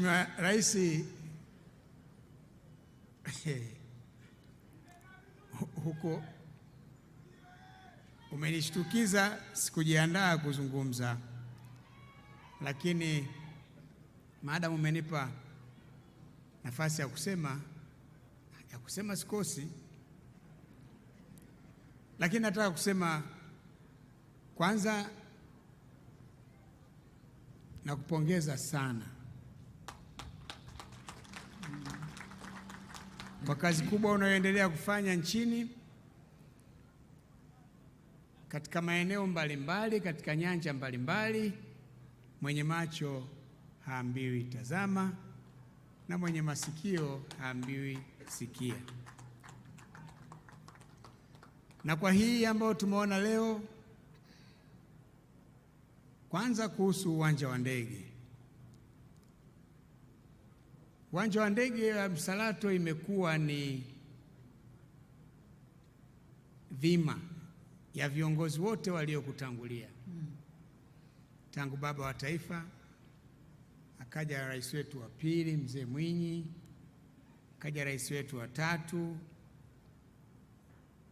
Mheshimiwa Rais huko umenishtukiza, sikujiandaa kuzungumza, lakini maadamu umenipa nafasi ya kusema ya kusema sikosi, lakini nataka kusema kwanza, nakupongeza sana kwa kazi kubwa unayoendelea kufanya nchini katika maeneo mbalimbali katika nyanja mbalimbali Mwenye macho haambiwi tazama, na mwenye masikio haambiwi sikia. Na kwa hii ambayo tumeona leo, kwanza kuhusu uwanja wa ndege Uwanja wa ndege wa Msalato imekuwa ni dhima ya viongozi wote waliokutangulia tangu baba wa taifa akaja rais wetu wa pili mzee Mwinyi, akaja rais wetu wa tatu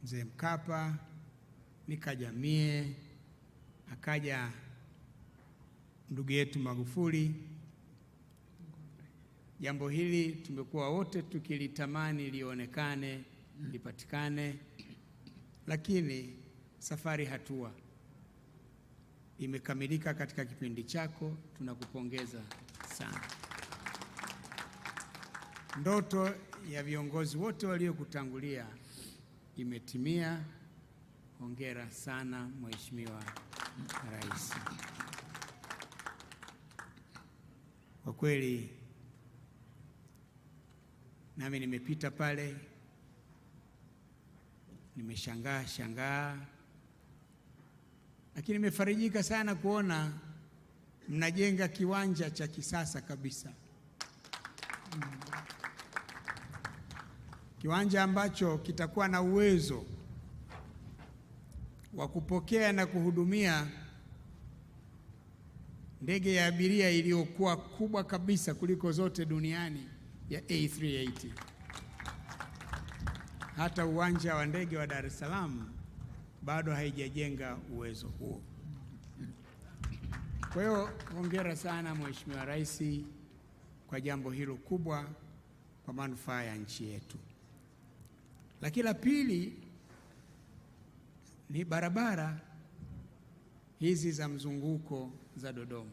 mzee Mkapa, nikaja mie, akaja ndugu yetu Magufuli. Jambo hili tumekuwa wote tukilitamani lionekane, lipatikane, lakini safari hatua imekamilika katika kipindi chako. Tunakupongeza sana. Ndoto ya viongozi wote waliokutangulia imetimia. Hongera sana Mheshimiwa Rais, kwa kweli nami nimepita pale, nimeshangaa shangaa, lakini nimefarijika sana kuona mnajenga kiwanja cha kisasa kabisa mm. Kiwanja ambacho kitakuwa na uwezo wa kupokea na kuhudumia ndege ya abiria iliyokuwa kubwa kabisa kuliko zote duniani ya A380. Hata uwanja wa ndege wa Dar es Salaam bado haijajenga uwezo huo. Kwa hiyo hongera sana Mheshimiwa Rais kwa jambo hilo kubwa kwa manufaa ya nchi yetu. Lakini la pili ni barabara hizi za mzunguko za Dodoma.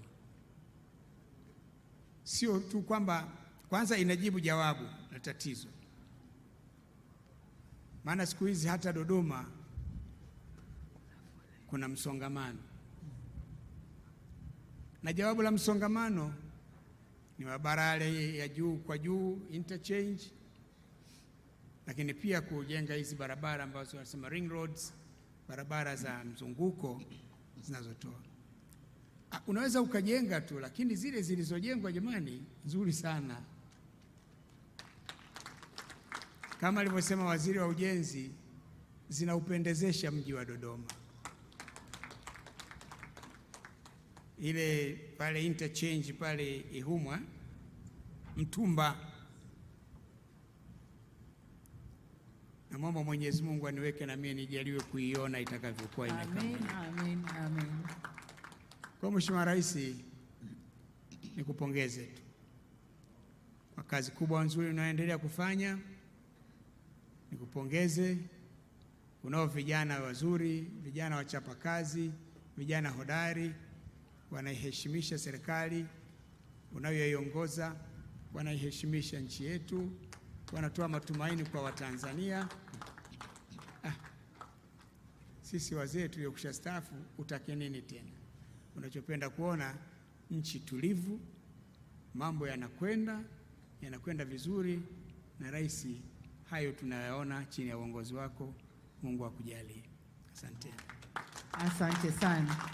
Sio tu kwamba kwanza inajibu jawabu la tatizo, maana siku hizi hata Dodoma kuna msongamano, na jawabu la msongamano ni barabara ya juu kwa juu interchange, lakini pia kujenga hizi barabara ambazo wanasema ring roads, barabara za mzunguko zinazotoa unaweza ukajenga tu, lakini zile zilizojengwa jamani, nzuri sana kama alivyosema waziri wa ujenzi, zinaupendezesha mji wa Dodoma. Ile pale interchange pale Ihumwa Mtumba, namwomba Mwenyezi Mungu aniweke na mimi nijaliwe kuiona itakavyokuwa imekaa. Amen, amen, amen. Kwa Mheshimiwa Rais, nikupongeze tu kwa kazi kubwa nzuri unayoendelea kufanya. Nikupongeze, unao vijana wazuri, vijana wachapa kazi, vijana hodari, wanaiheshimisha serikali unayoiongoza, wanaiheshimisha nchi yetu, wanatoa matumaini kwa Watanzania. Ah, sisi wazee tuliokusha staafu, utake nini tena? unachopenda kuona nchi tulivu, mambo yanakwenda yanakwenda vizuri, na rais, hayo tunayaona chini ya uongozi wako. Mungu akujalie. Asante, asante sana.